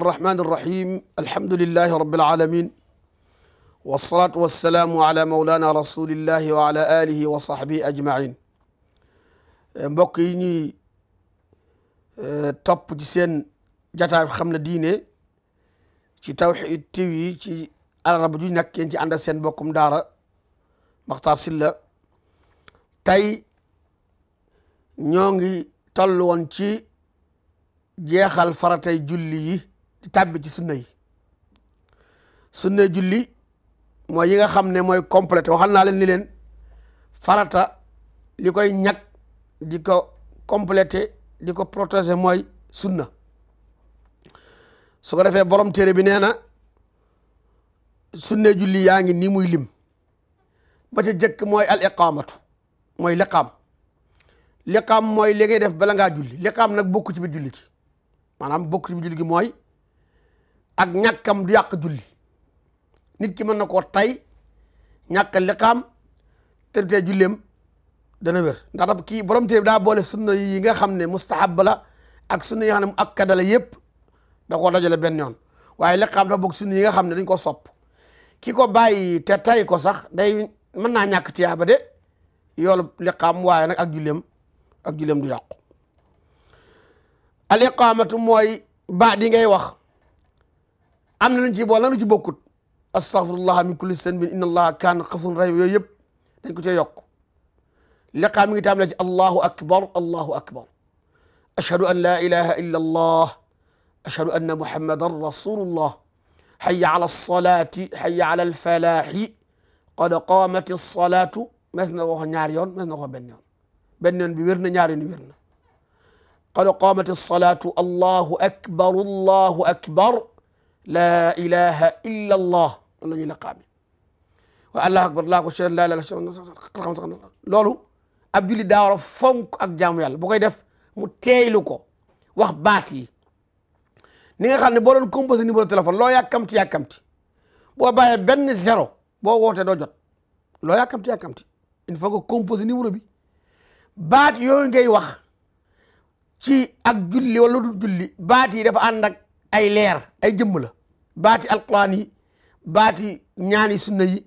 الرحمن الرحيم الحمد لله رب العالمين والصلاة والسلام على مولانا رسول الله وعلى آله وصحبه أجمعين mbokk yi ñuy eh, topp ci seen jataay xam na diine ci Tawhid TV ci àllarba ju nekk yéen ci ànd ak seen mbokkum daara Makhtar Sylla tey ñoo ngi toll woon ci jeexal faratay julli yi di tàbbi ci sunna yi sunna julli mooy yi nga xam ne mooy complété waxal naa leen ni leen farata li koy ñag di ko complété di ko protéger mooy sunna su ko defee borom téere bi nee na sunne julli yaa ngi nii muy lim ba ca jëkk mooy al iqamatu mooy liqaam liqaam mooy li ngay def bala ngaa julli liqaam nag bokku ci biir julli gi maanaam bokku ci biir julli gi mooy ak ñàkkam du yàq julli nit ki mën na koo tay ñàkk liqaam te tey julleem dana wér ndax daf kii borom daa boole sunna yi nga xam ne mustahab bala ak sunna yi nga xam ne mu yëpp da koo dajale benn yoon waaye liqaam dafa bokk sunna yi nga xam ne dañ ko sopp ki ko bàyyi te tay ko sax day mën naa ñàkk tiyaaba de yoolu liqaam waaye nag ak julleem ak julleem du yàqu al iqaamatu mooy baat yi ngay wax am na luñ ci boole lanu ci bokkut astaghfirullah min kulli sanbin inna allaha kaana xafurun rahim yooyu yëpp dañ ko cee yokk liqaa mi ngi taam la ci allahu akbar allahu akbar ashhadu an la ilaha illa allah ashhadu anna muhammadan rasulullah hayya ala alsolati hayya ala alfalaahi qad qaamati alsolatu mas na wax ñaar yoon mas na wax benn yoon benn yoon bi wér na ñaar yoon wér na qad qaamati alsolatu allahu akbar allahu akbar laa illa la ñuy laqaami waaye allahu akbar laa ko shahada laa xam sax loolu ab julli daa fonk ak jaamu yàlla bu koy def mu teeylu ko wax baat yi ni nga xam ne boo doon composé numéro téléphone loo yàkkamti yàkkamti boo bàyyee benn zéro boo wootee doo jot loo yàkkamti yàkkamti il faut que composé numéro bi baat yooyu ngay wax ci ak julli wala julli baat yi dafa ànd ay leer ay jëmm la baati alquran yi baati ñaani sunna yi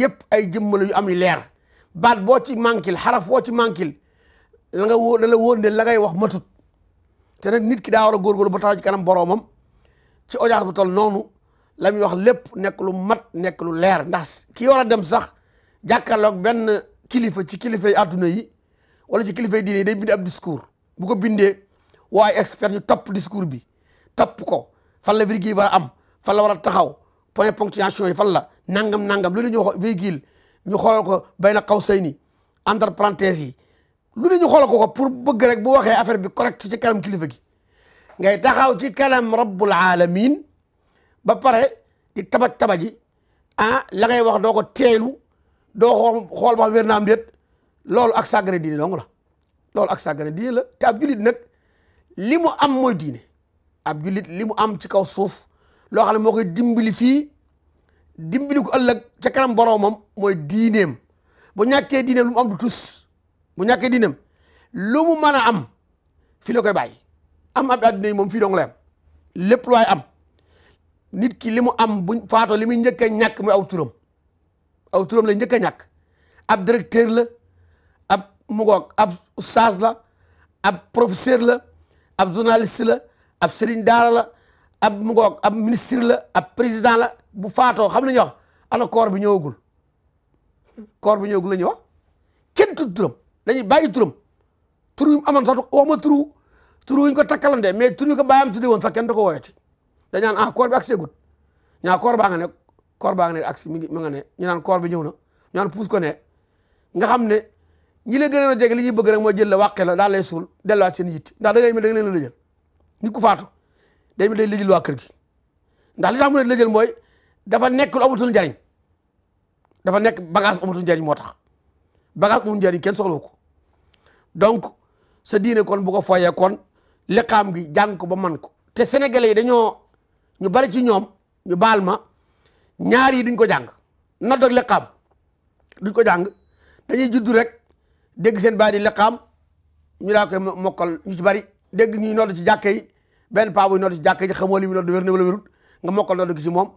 yëpp ay jëmm la yu am yi leer baat boo ci manquil xaraf boo ci manquil la nga wóor la la wóor la ngay wax matut te nag nit ki daa war a góorgóorlu ba taxaw ci kanam boroomam ci audience bu tol noonu la muy wax lépp nekk lu mat nekk lu leer ndax ki war a dem sax jàkkaarloog benn kilifa ci kilifa yi àdduna yi wala ci kilifa yi diine yi day bind ab discours bu ko bindee waaye expert ñu topp discours bi topp ko fan la virgule war a am fan war a taxaw point ponctuation yi fan la nangam nangam lu ñu wax virgule ñu xoolal ko bay na xaw say ni entre parenthèses yi lu ñu xoolal ko ko pour bëgg rek bu waxee affaire bi correct ci kanam kilifa gi ngay taxaw ci kanam rabbul alamin ba pare di tabaj tabaji ah la ngay wax doo ko teelu doo xool xool ba wér naa am déet loolu ak sàggane diine dong la loolu ak sàggane diine la nag li mu am mooy diine ab jullit li mu am ci kaw suuf loo xam ne moo koy dimbali fii dimbali ko ëllëg ca kanam boroomam mooy diineem bu ñàkkee diineem lu am du tus bu ñàkkee diineem lu mu mën a am fii la koy bàyyi am ab adduna yi moom fii dong la am lépp lu am nit ki li mu am bu faatoo li muy njëkk ñàkk mooy aw turam aw turam la njëkk a ñàkk ab directeur la ab mu ab saas la ab professeur la ab journaliste la ab sëriñ daara la ab mu ngoog ab ministre la ab président la bu faatoo xam la ñuy wax ana koor bi ñëwagul koor bi ñëwagul la ñuy wax kenn tudd turam dañuy bàyyi turam tur yu amoon sax waxuma turu turu wuñ ko takkalante mais tur yu ko bàyyam tudde woon sax kenn du ko woyati dañ naan ah koor bi agsi gut ñaa koor baa nga ne koor baa nga ne agsi mi ngi ma nga ne ñu naan koor bi ñëw na ñu naan puus ko ne nga xam ne ñi la gën a jege li ñuy bëgg moo jël la wàqe la daal lay suul delluwaat seen yitti ndax da ngay mel la jël nit ku faatu day day lëjël waa kër gi ndax li tax mu ne lëjël mooy dafa nekk lu amatul njariñ dafa nekk bagage bu amatul njariñ moo tax bagage bu amatul njariñ kenn soxla ko donc sa diine kon bu ko foyee kon liqaam gi jàng ko ba man ko te sénégalais yi dañoo ñu bari ci ñoom ñu baal ma ñaar duñ ko jàng nodd ak liqaam duñ ko jàng dañuy juddu rek dégg seen baat yi liqaam ñu daa koy mokkal ñu ci bari dégg ñuy nodd ci jàkka benn paa buy nodd ci jàkka yi xamoo li muy nodd wér na wala wérut nga mokkal nodd gi ci moom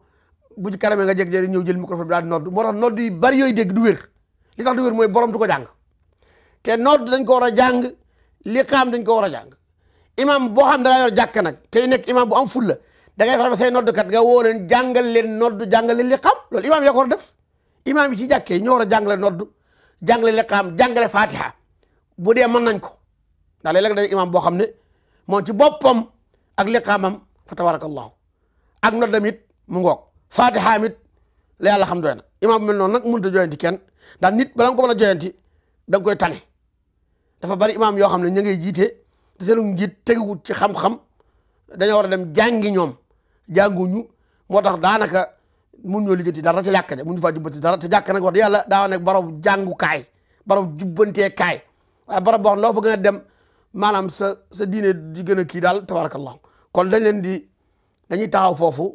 bu ci karame nga jeg jëri ñëw jël microphone ko daal di nodd moo tax nodd yi bari yooyu dégg du wér borom du ko jàng te nodd dañ ko war a jàng li xaam dañ ko war a jàng imam boo xam da ngaa yor jàkka nag tey nekk imam bu am fulla da ngay fexe ba say noddkat nga woo leen jàngal leen nodd jàngal leen li xam loolu imam yaa def imam yi ci jàkkee yi ñoo war a jàngale nodd jàngale li xam jàngale fatiha bu dee mën nañ ko ndax léeg da day imam boo xam ne moom ci boppam ak liqaamam fa tabarakallahu ak noddam it mu ngoog faatihaam it la yàlla xam doy na imaam bu mel noon nag mënut a joyanti kenn ndax nit bala nga ko mën a joyanti da koy tane dafa bari imaam yoo xam ne ñu ngay jiite te seenu njiit teguwut ci xam-xam dañoo war a dem jàngi ñoom jànguñu moo tax daanaka mun ñoo liggéey dara ci jàkk de mun ñu faa jubbanti dara te jàkk nag wax dëgg yàlla daa nekk barab jàngukaay barab jubbantee kaay waaye barab gën a dem maanaam sa sa diine di gën a kii daal tabarakallah kon dañ leen di dañuy taxaw foofu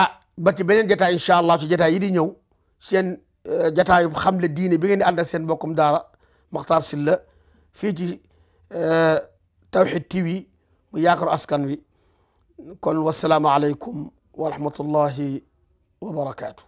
ah ba ci beneen jataay incha allah ci jataay yi di ñëw seen eh, jataayu xamle diine bi ngeen di ànd ak seen bokkum daara Makhtar Sylla fii ci eh, Tawhid TV mu yaakaaru askan wi kon wasalaamaaleykum wa rahmatullahi wa barakaatu.